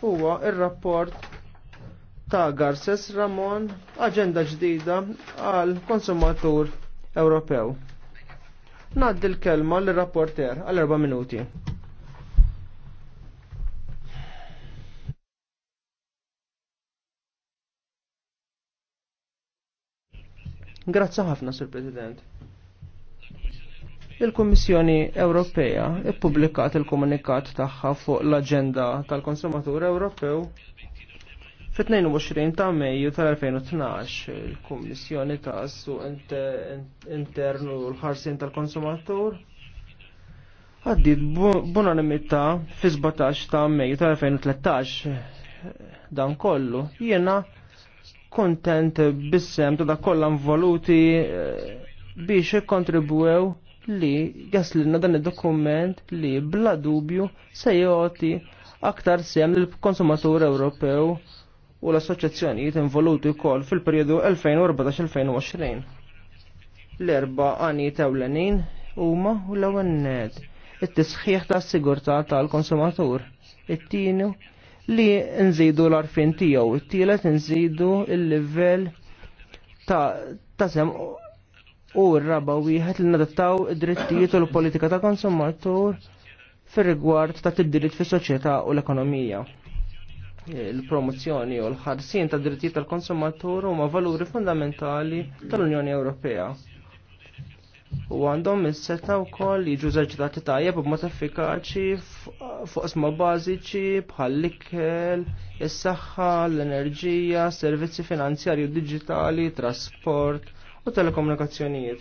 huwa il rapport ta' Garces Ramon Aġenda ġdida għal konsumatur Ewropew. Nad l-kelma l-rapporter għal erba' minuti. Grazzi ħafna, Sir President. Il-Kummissjoni Ewropea ippubblikat il-komunikat tagħha fuq l-Aġenda tal-Konsumatur Ewropew fit-22 ta' Mejju tal-2012 il-Kummissjoni ta' su internu l-ħarsin tal-Konsumatur għaddit b'unanimità fi 17 ta' Mejju tal-2013 dan kollu jiena kontent bissem ta' kollha voluti eh, biex ikkontribwew li jaslilna dan id-dokument li bla dubju se joti aktar sem lill-konsumatur Ewropew u l-assoċjazzjonijiet involuti wkoll fil-perjodu 2014-2020. L-erba għanijiet ewlenin huma u l-ewwel net it-tisħiħ tas-sigurtà tal-konsumatur. It-tieni li nżidu l-arfin tiegħu, it-tielet nżidu il-livell ta' ta' sem u r-raba wieħed li nadattaw id-drittijiet u l-politika ta' konsumatur fir-rigward ta' tibdiliet fis-soċjetà u l-ekonomija. Il-promozzjoni u l-ħarsien ta' drittijiet tal-konsumatur huma valuri fundamentali tal-Unjoni Ewropea. U għandhom is-seta wkoll jiġu eżerċitati tajjeb b'mod effikaċi fuq isma bażiċi bħal l-ikel, is-saħħa, l-enerġija, servizzi finanzjarji u diġitali, trasport, u telekomunikazzjonijiet.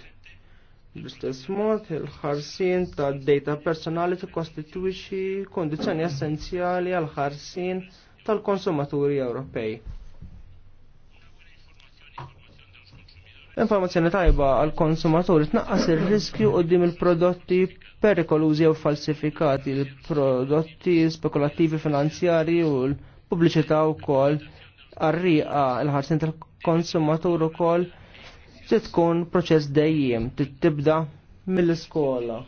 Bl-istess mod, il-ħarsin ta' data personali tikkostitwixxi kondizjoni essenzjali għal ħarsin tal-konsumaturi Ewropej. Informazzjoni tajba għal konsumaturi tnaqqas ir-riskju dim il-prodotti perikolużi u falsifikati, il-prodotti spekulattivi finanzjari u l-pubbliċità wkoll arriqa l-ħarsin tal-konsumatur ukoll Se tkun proċess dejjem, tibda mill-iskola.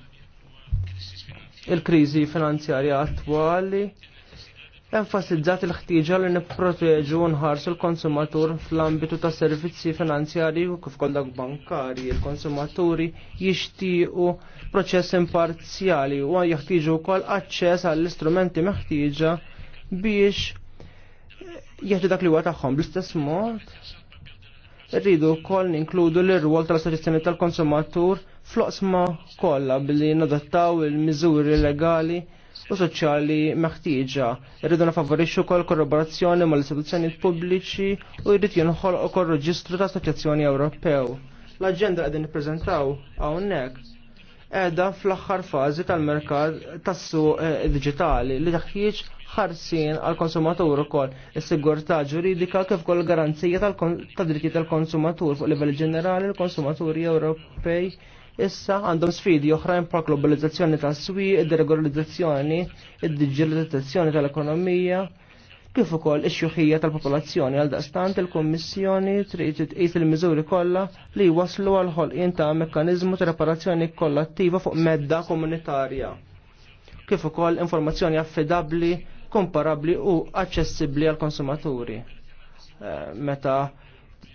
Il-kriżi finanzjarja attwali enfasizzat il-ħtieġa li nipproteġu u nħarsu l-konsumatur fl-ambitu ta' servizzi finanzjarji u kif kollok bankari. Il-konsumaturi jixtiequ proċess imparzjali u jeħtieġu wkoll aċċess għall-istrumenti meħtieġa biex jieħdu dak li huwa tagħhom bl-istess mod rridu wkoll ninkludu l-irwol tal-assoċjazzjoni tal-konsumatur floqsma kollha billi nadattaw il-miżuri legali u soċjali meħtieġa. Irridu nafavorixxu wkoll korroborazzjoni mal-istituzzjoni pubbliċi u jrid jinħol ukoll reġistru ta' Assoċjazzjoni Ewropew. L-aġenda qegħdin nippreżentaw hawnhekk qiegħda fl-aħħar fażi tal-merkat tas-suq eh, digitali li taħtieġ ħarsien għal konsumatur ukoll is-sigurtà ġuridika kif ukoll garanzija tad drittijiet tal-konsumatur fuq livell ġenerali l-konsumaturi Ewropej issa għandhom sfidi oħrajn pa' globalizzazzjoni tas swi, id-deregolizzazzjoni, id-digitalizzazzjoni tal-ekonomija, kif ukoll ix-xuħija tal-popolazzjoni għal daqstant il-Kummissjoni trid tqis il-miżuri kollha li waslu għal ħolqien ta' mekkaniżmu ta' reparazzjoni kollattiva fuq medda komunitarja. Kif ukoll informazzjoni affidabbli komparabli u aċċessibbli għal konsumaturi. Eh, meta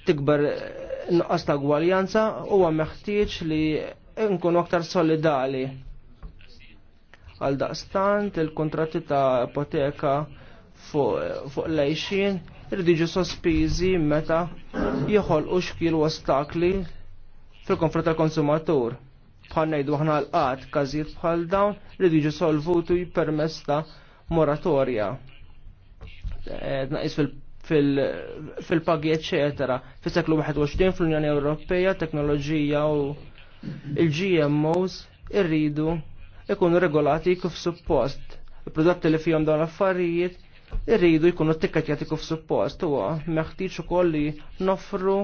tikber nqas ta' gwaljanza huwa meħtieġ li nkunu aktar solidali. Għal daqstant il-kontratti ta' ipoteka fuq lejxin irridu sospiżi meta jieħolqu xkil ostakli fil-konfront tal-konsumatur bħal nejdu ħna l-qat kazijiet bħal dawn li solvutu permess ta' moratorja eh, naqis fil-pagi eccetera. fil seklu 21 fl-Unjoni Ewropea teknoloġija u il-GMOs irridu ikunu regolati kif suppost. Il-prodotti li fihom dawn l-affarijiet irridu jkunu tikkatjati kif suppost u meħtieġ ukoll li noffru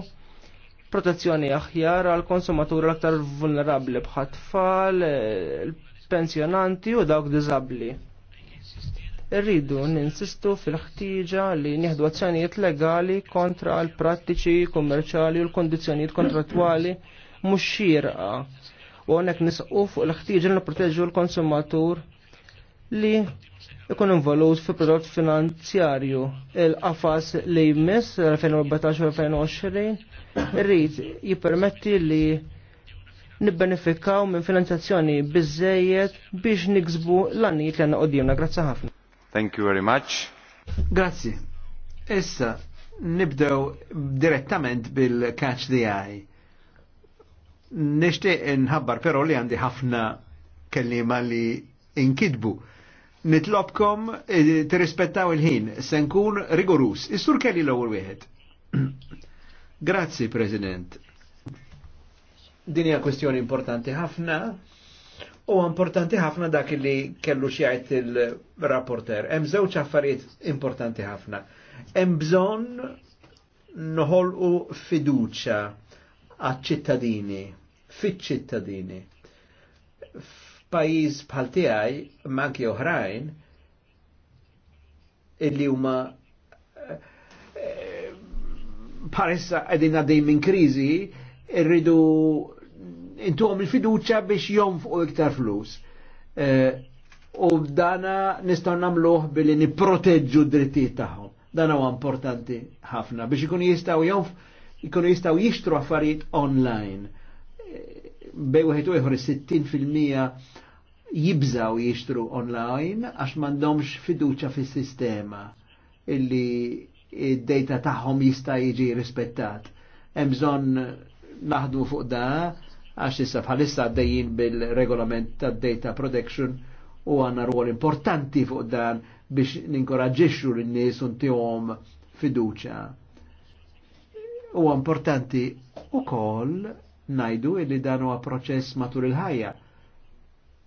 protezzjoni aħjar għal konsumaturi aktar vulnerabbli bħat tfal, il-pensjonanti eh, u dawk diżabbli. Irridu ninsistu fil-ħtieġa li nieħdu azzjonijiet legali kontra l-prattiċi kummerċali u l-kondizzjonijiet kontrattwali mhux xierqa. U għonek nisqu fuq l-ħtieġa li nipproteġu l-konsumatur li ikun involut fi prodott finanzjarju il-qafas li jmiss 2014-2020 irrid jippermetti li nibbenefikaw minn finanzazzjoni bizzejiet biex niksbu l-annijiet li għanna qoddimna. Grazzi ħafna. Thank you very much. Grazzi. Issa nibdew direttament bil-catch the eye. Nishti nħabbar però li għandi ħafna kellima li inkidbu. Nitlobkom eh, tirrispettaw il-ħin, se nkun rigorus. Is-sur kelli l-ewwel wieħed. Grazzi, President. Din hija kwestjoni importanti ħafna u importanti ħafna dak li kellu xjajt il-rapporter. Hemm żewġ affarijiet importanti ħafna. Hemm bżonn noħolqu fiduċa għaċ-ċittadini, fiċ-ċittadini. F'pajjiż bħal tiegħi, manki oħrajn, illi huma eh, eh, paressa għedin għaddej minn krizi, irridu intuhom il-fiduċa biex jonfqu iktar flus. E, u dana nistgħu nagħmluh billi nipproteġġu d-drittijiet tagħhom. Dan huwa importanti ħafna biex ikun jistgħu jonf ikun jistgħu jixtru affarijiet online. E, bej wieħed u ieħor 60% jibżaw jixtru online għax mandomx fiduċa fis sistema illi id-data tagħhom jista' jiġi rispettat. Hemm bżonn naħdmu fuq da għax issa bħalissa għaddejjin bil-regolament ta' data protection u għanna ruol importanti fuq dan biex ninkoraġġixxu l nies u ntihom fiduċa. U importanti ukoll najdu illi dan huwa proċess matul il-ħajja.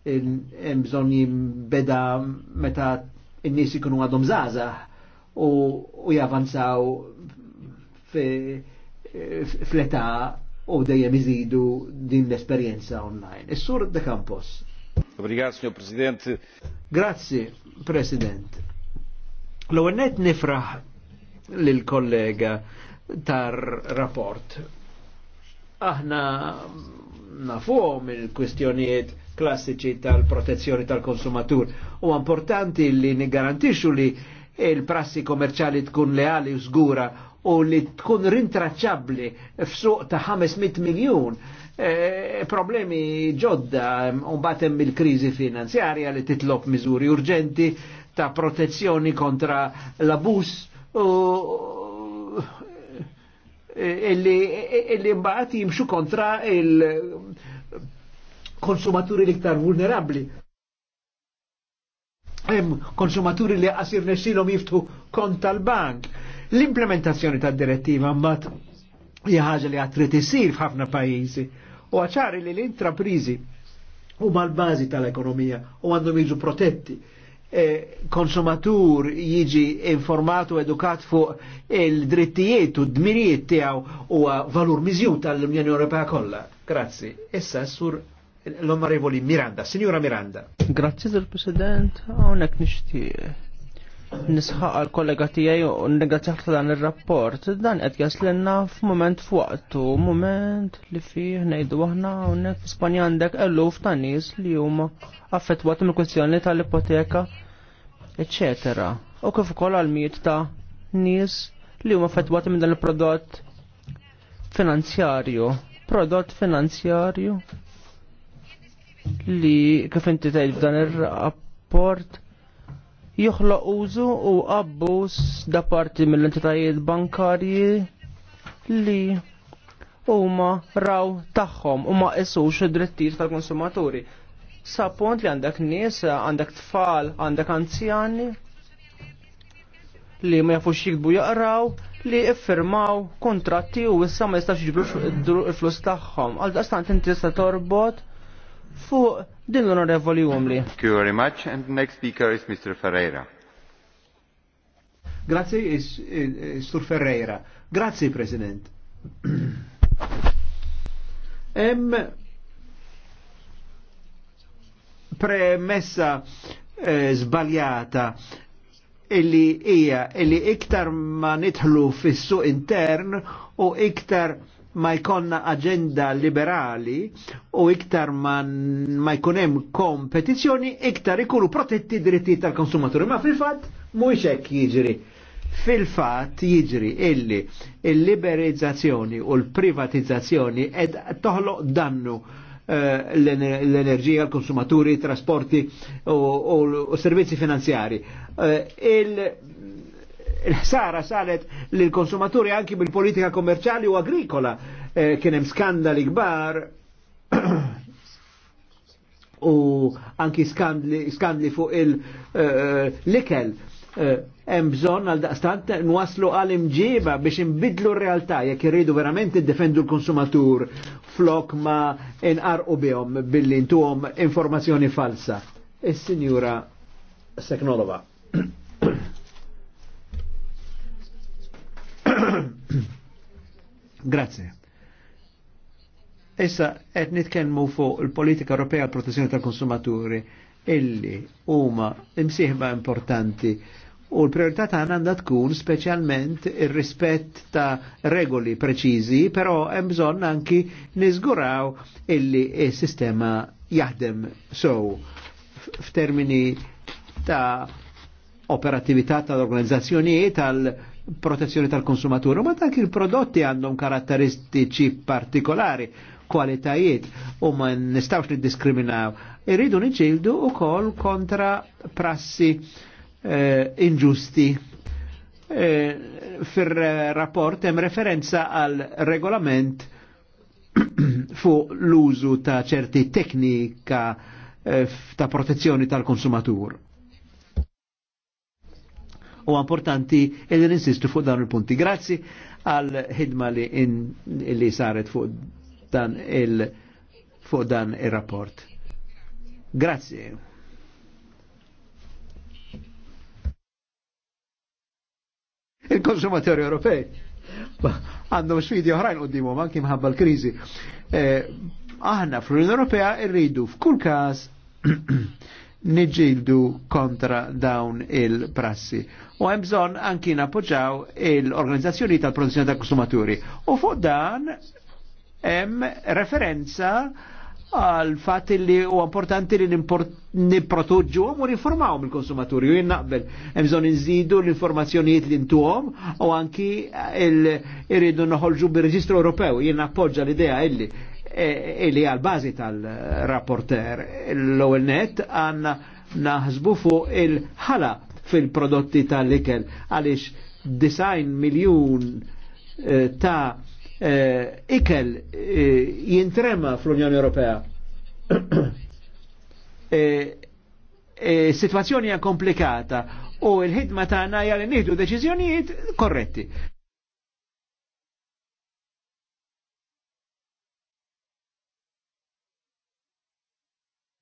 Hemm bżonn beda meta n-nies ikunu għadhom żgħażagħ u, u javanzaw fl-età u dejjem iżidu din l-esperjenza online. Is-sur de Campos. Obrigat, signor President. Grazzi, President. L-ewwel net nifraħ lil kollega tar rapport. Aħna nafuhom il-kwistjonijiet klassiċi tal-protezzjoni tal-konsumatur. U importanti li nigarantixxu li il-prassi komerċali tkun leali u zgura u li tkun rintraċċabbli f'suq ta' 500 miljun e, problemi ġodda un batem il-krizi finanzjarja li titlob miżuri urġenti ta' protezzjoni kontra l-abus u e, illi, illi jimxu kontra il-konsumaturi liktar vulnerabli Hemm konsumaturi li qasir nexilhom jiftu kont tal-bank. L-implementazzjoni tad-direttiva mbagħad hija ħaġa li għad trid isir f'ħafna pajjiżi. U għaċari li l-intraprizi u mal bażi tal-ekonomija u għandhom jiġu protetti. E, konsumatur jiġi informatu edukat fuq il-drittijiet u d-dmirijiet tijaw u valur miżju tal-Unjoni Ewropea kollha. Grazzi. Issa sur l-Onorevoli Miranda, Signora Miranda. Grazzi del President, għonek nishti Nisħaq għal-kollega tijaj u n-negazzjaħt dan il-rapport, dan għed jaslenna f-moment f-waqtu, moment li fih nejdu għahna għonek f-Spanja għandek eluf ta' nis li huma affettwat mill kwestjoni tal-ipoteka, eccetera. U kif ukoll għal-miet ta' nis li huma affettwat minn dan il-prodott finanzjarju. Prodott finanzjarju li kif inti tgħid f'dan ir-rapport joħloq użu u abbuż da parti mill-entitajiet bankarji li huma raw tagħhom u ma qisux id-drittijiet tal-konsumaturi. Sa punt li għandek nies, għandek tfal, għandek anzjani li ma jafux jikbu jaqraw li iffirmaw kontratti u issa ma jistax jġibru il-flus tagħhom. Għal daqstant inti tista' torbot fuq din l-onorevoli Umli. Thank you very much and the next speaker is Mr. Ferreira. Grazie, Sur Ferreira. Grazie, President. Em premessa eh, sbagliata illi ija illi iktar ma nitħlu fis-suq intern u iktar ma jkonna agenda liberali u iktar man, ma jkunem kompetizjoni, iktar ikunu protetti dritti tal-konsumaturi. Ma fil-fat, mu iċek jiġri. Fil-fat jiġri illi il-liberizzazzjoni u l-privatizzazzjoni ed toħloq dannu eh, l-enerġija, l-konsumaturi, trasporti u, servizi servizzi finanzjari. Eh, il il-ħsara saret lil konsumaturi anki bil-politika kommerċali u agrikola. Eh, Kien hemm skandali kbar u anki skandli, skandli fuq il-likel. Eh, eh, hemm bżonn għal daqstant nwaslu għal imġiba biex inbidlu r-realtà jekk irridu verament iddefendu l-konsumatur flok ma inqarqu bihom billi intuhom informazzjoni falsa. Is-Sinjura Seknolova. Grazie. Issa qed nitkellmu fuq il-politika Ewropea protezzjoni tal-konsumaturi illi huma imsieħba importanti u l-priorità tagħna għandha tkun speċjalment ir-rispett ta' regoli preċiżi, però hemm bżonn anki niżguraw illi s-sistema jaħdem sew f'termini ta' operatività tal-organizzazzjonijiet tal-, -organizzazzjoni, tal protezzjoni tal-konsumatur, ma dak il-prodotti għandhom karatteristiċi partikolari, kwalitajiet u ma nistawx li diskriminaw. Irridu niġildu u kol kontra prassi eh, inġusti. Eh, Fir-rapport hemm referenza għal regolament fuq l-użu ta' ċerti teknika eh, ta' protezzjoni tal-konsumatur u importanti li ninsistu fuq dan il-punti. Grazzi għal ħidma li, in, li saret fuq dan il- fuq dan il-rapport. Grazie. Il-konsumatori Ewropej għandhom sfidi oħrajn qudiemhom anki mħabba l-kriżi. Eh, aħna fl-Unjoni Ewropea rridu f'kull każ niġildu kontra dawn il-prassi. U hemm bżonn anki nappoġġaw il-organizzazzjoni tal-produzzjoni tal-konsumaturi. U fuq dan hemm referenza għal fatt li u importanti li niprotuġġu u rinformawhom il-konsumaturi u jinnaqbel. Hemm bżonn inżidu l-informazzjonijiet li ntuhom u anki irridu noħolġu bir-Reġistru Ewropew. Jien appoġġa l-idea illi E, e, li għal-bazi tal-rapporter l-ewel net għanna naħsbu fuq il-ħala fil-prodotti tal-ikel għalix design miljun e, ta' ikel jintrema fl-Unjoni Ewropea. Situazzjoni komplikata u l-ħidma ta' għana li nieħdu deċiżjonijiet korretti.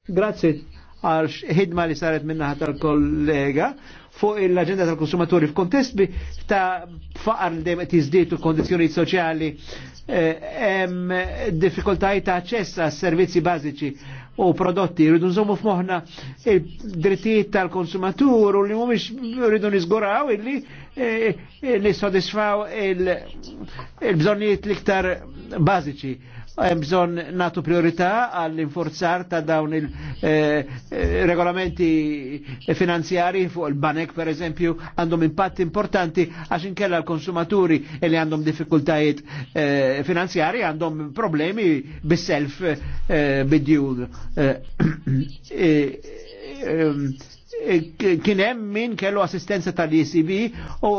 Grazzi għal ħidma li saret minnaħat tal-kollega fuq l-agenda tal-konsumaturi f'kontest bi ta' faqar li dejjem tiżdiet u kondizjoni soċjali eh, hemm diffikultajiet ta' aċċess għas servizzi bażiċi u prodotti rridu nżommu f'moħħna il-drittijiet tal-konsumatur u li mhumiex rridu niżguraw illi eh, eh, nissodisfaw il-bżonnijiet l-iktar bażiċi bżonn natu priorità għall-inforzar ta' dawn il-regolamenti eh, eh finanzjari fuq il-banek per eżempju għandhom impatt importanti għax inkella l-konsumaturi li għandhom diffikultajiet eh, finanzjari għandhom problemi bis-self eh, kien hemm min kellu assistenza tal-ECB u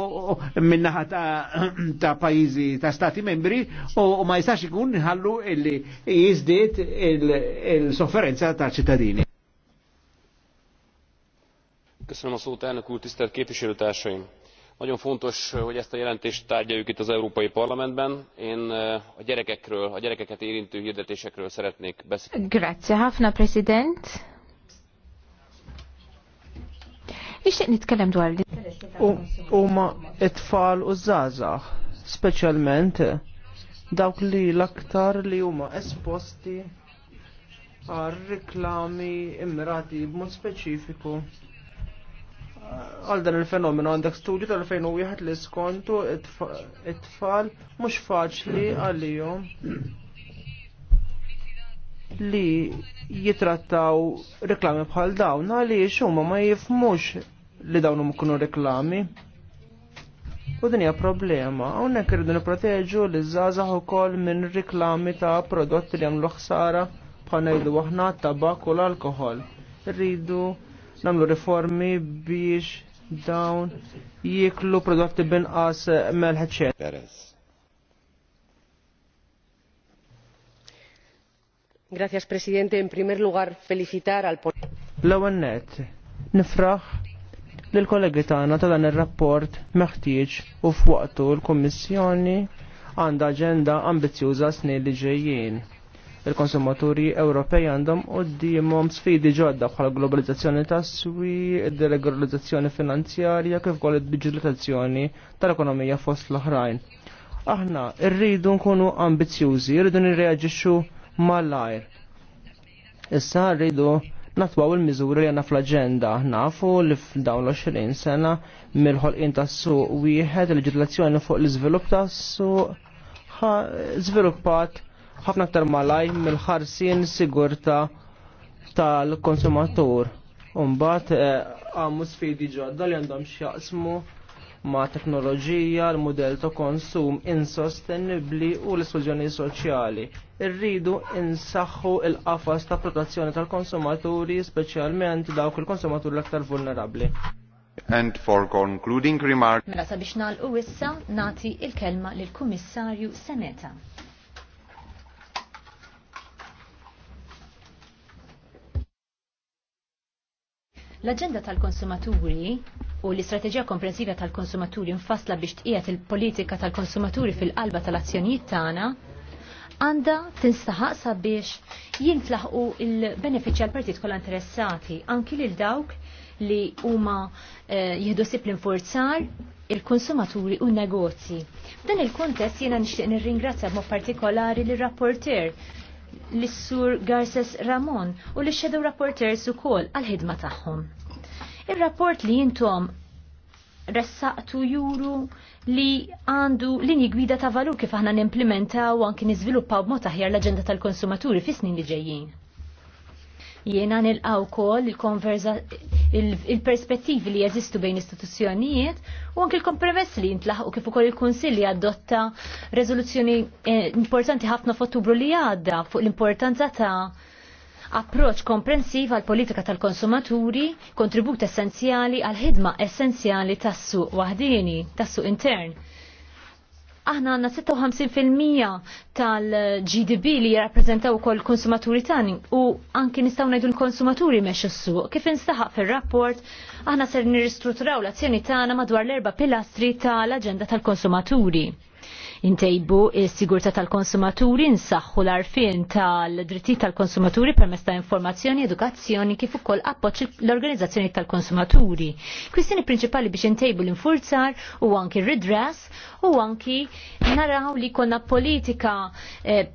minnaħa ta' pajjiżi ta' stati membri u ma jistax ikun ħallu illi jiżdied il-sofferenza tal ċittadini. Köszönöm a szót, elnök úr, tisztelt képviselőtársaim! Nagyon fontos, hogy ezt a jelentést tárgyaljuk itt az Európai Parlamentben. Én a gyerekekről, a gyerekeket érintő hirdetésekről szeretnék beszélni. Grazie, Hafna President. Nixtieq nitkellem dwar li. interessi Huma it-tfal u żgħażagħ, speċjalment dawk li l-aktar li huma esposti għal riklami immirati b'mod speċifiku għal dan il-fenomenu għandek studju tal-2001 li skontu it-tfal mhux faċli għalihom li jitrattaw reklami bħal dawn għaliex huma ma jifmux li dawnu mkunu reklami. U din hija problema. Hawnhekk irridu nipproteġu li żgħażagħ ukoll minn riklami ta' prodotti li jagħmlu ħsara bħal ngħidu aħna tabak u l-alkoħol. Irridu nagħmlu riformi biex dawn jiklu prodotti binqas melħeċċen. Perez. Gracias, Presidente. En primer lugar, felicitar al... L-ewwel nifraħ l kollegi tagħna ta' dan ir-rapport meħtieġ u f'waqtu l-Kummissjoni għandha aġenda ambizzjuża snin li ġejjin. Il-konsumaturi Ewropej għandhom qudiemhom sfidi ġodda bħal globalizzazzjoni tas-swi, id-deregolizzazzjoni finanzjarja kif ukoll id digitalizzazzjoni tal-ekonomija fost l-oħrajn. Aħna rridu nkunu ambizzjużi, rridu nirreaġixxu mal-ajr. Issa rridu natwaw il-miżuri li għanna fl-agenda. Nafu li f'dawn l-20 sena mill-ħolqin tas-suq wieħed il-ġitlazzjoni fuq l-iżvilupp ta' su zviluppat ħafna aktar malaj mill-ħarsin sigurta tal-konsumatur. Umbat eh, għammu sfidi ġodda li għandhom xjaqsmu ma' teknoloġija, l-modell ta' konsum insostenibbli u l-isklużjoni soċjali. Irridu insaħħu il-qafas ta' protezzjoni tal-konsumaturi, speċjalment dawk il-konsumaturi l-aktar vulnerabbli. And for concluding remarks: Mela sabiex nagħlqu issa nagħti il-kelma lill-Kummissarju Seneta. L-agenda tal-konsumaturi u l-istrateġija komprensiva tal-konsumaturi nfasla biex tqiegħed il-politika tal-konsumaturi fil-qalba tal-azzjonijiet tagħna għanda tinstaħaq sabiex jintlaħqu il-benefiċċja l-partit kollha interessati anki lil dawk li huma eh, jieħdu sib l-infurzar il-konsumaturi u n-negozji. F'dan il-kontest jiena nixtieq nirringrazzja b'mod partikolari lir rapporter l-Sur Garces Ramon u l-Shadow Rapporters u kol għal-ħidma tagħhom. Il-rapport li jintom ressaqtu juru li għandu linji gwida ta' valur kif aħna nimplementaw anki niżviluppaw b'mod aħjar l-aġenda tal-konsumaturi fis-snin li ġejjin. Jiena nilqaw kol il-perspettivi li jeżistu bejn istituzzjonijiet u anke l-kompromess li jintlaħqu kif ukoll il-Kunsill li adotta rezoluzzjoni eh, importanti ħafna f'Ottubru li għadda fuq l-importanza ta' approċ komprensiv għal politika tal-konsumaturi, kontribut essenzjali għal ħidma essenzjali tas-suq waħdini, tas-suq intern aħna għanna 56% tal-GDP li jirrappreżentaw kol konsumaturi tani u anki nistaw najdu l-konsumaturi meċ s-suq. Kif nistaħaq fil-rapport, aħna ser nirristruturaw l-azzjoni tana madwar l-erba pilastri tal-agenda tal-konsumaturi intejbu s-sigurta tal-konsumaturi, nsaħħu l-arfin tal-dritti tal-konsumaturi permess ta' informazzjoni, edukazzjoni kif ukoll appoċ l-organizzazzjoni tal-konsumaturi. Kwistjoni prinċipali biex intejbu l-infurzar u anki redress u anki naraw li konna politika eh,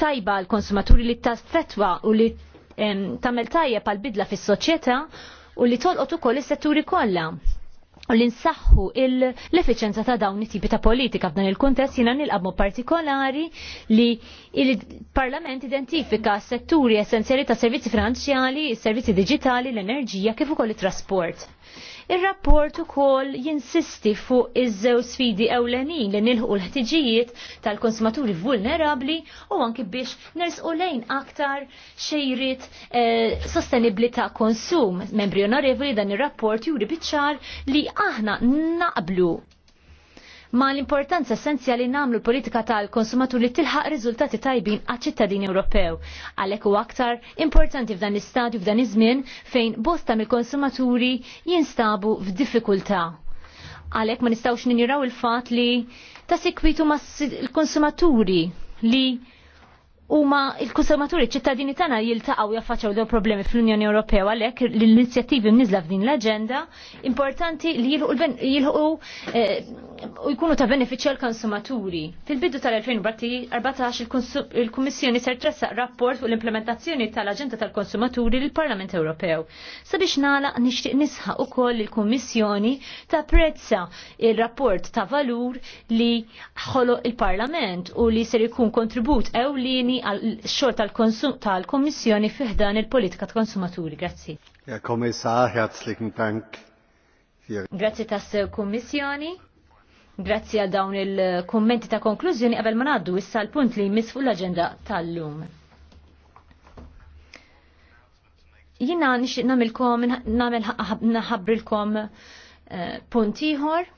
tajba l-konsumaturi li fetwa u li eh, tamel tajja pal-bidla fis-soċjetà u li tolqot ukoll is-setturi kollha u l nsaħħu l-efficienza ta' dawn it-tipi ta' politika f'dan il-kuntest jina nil-qabmu partikolari li il-Parlament identifika setturi essenzjali ta' servizzi finanzjali, servizzi digitali, l-enerġija kif ukoll it-trasport. Ir-rapport ukoll jinsisti fuq iż-żew sfidi ewlenin li nilħu l-ħtiġijiet tal-konsumaturi vulnerabli u anki biex nersqu lejn aktar xejrit eh, sostenibli ta' konsum. Membri onorevoli dan ir-rapport juri biċċar li aħna naqblu ma l-importanza essenzjali namlu politika tal-konsumaturi tilħaq riżultati tajbin għal-ċittadin Ewropew. Għalek u aktar importanti f'dan l-istadju f'dan iż-żmien fejn bosta mill-konsumaturi jinstabu f'diffikultà. Għalek ma nistawx ninjiraw il-fat li ta' sekwitu ma' l-konsumaturi li ma il-konservaturi ċittadini tagħna jiltaqgħu jaffaċaw dew problemi fl-Unjoni Ewropea għalhekk l-inizjattivi mniżla f'din l-aġenda importanti li jilħu eh, u jkunu ta' benefiċċja l-konsumaturi. Fil-bidu tal-2014 il-Kummissjoni ser tressa rapport fuq l-implementazzjoni tal agenda tal-Konsumaturi lill-Parlament Ewropew. Sabiex nagħlaq nixtieq nisħaq ukoll il-Kummissjoni ta' prezza il-rapport ta' valur li ħolo il-Parlament u li ser ikun kontribut ewlieni attenzjoni għal xor tal-Kommissjoni fiħdan il-politika tal-konsumaturi. Grazzi. Ja, komissar, herzlichen Dank. Grazzi tas Kommissjoni. Grazzi għal dawn il-kommenti ta' konklużjoni qabel ma ngħaddu issa l-punt li jmiss fuq l-aġenda tal-lum. Jina nixtieq nagħmilkom nagħmel naħabrilkom eh, punt ieħor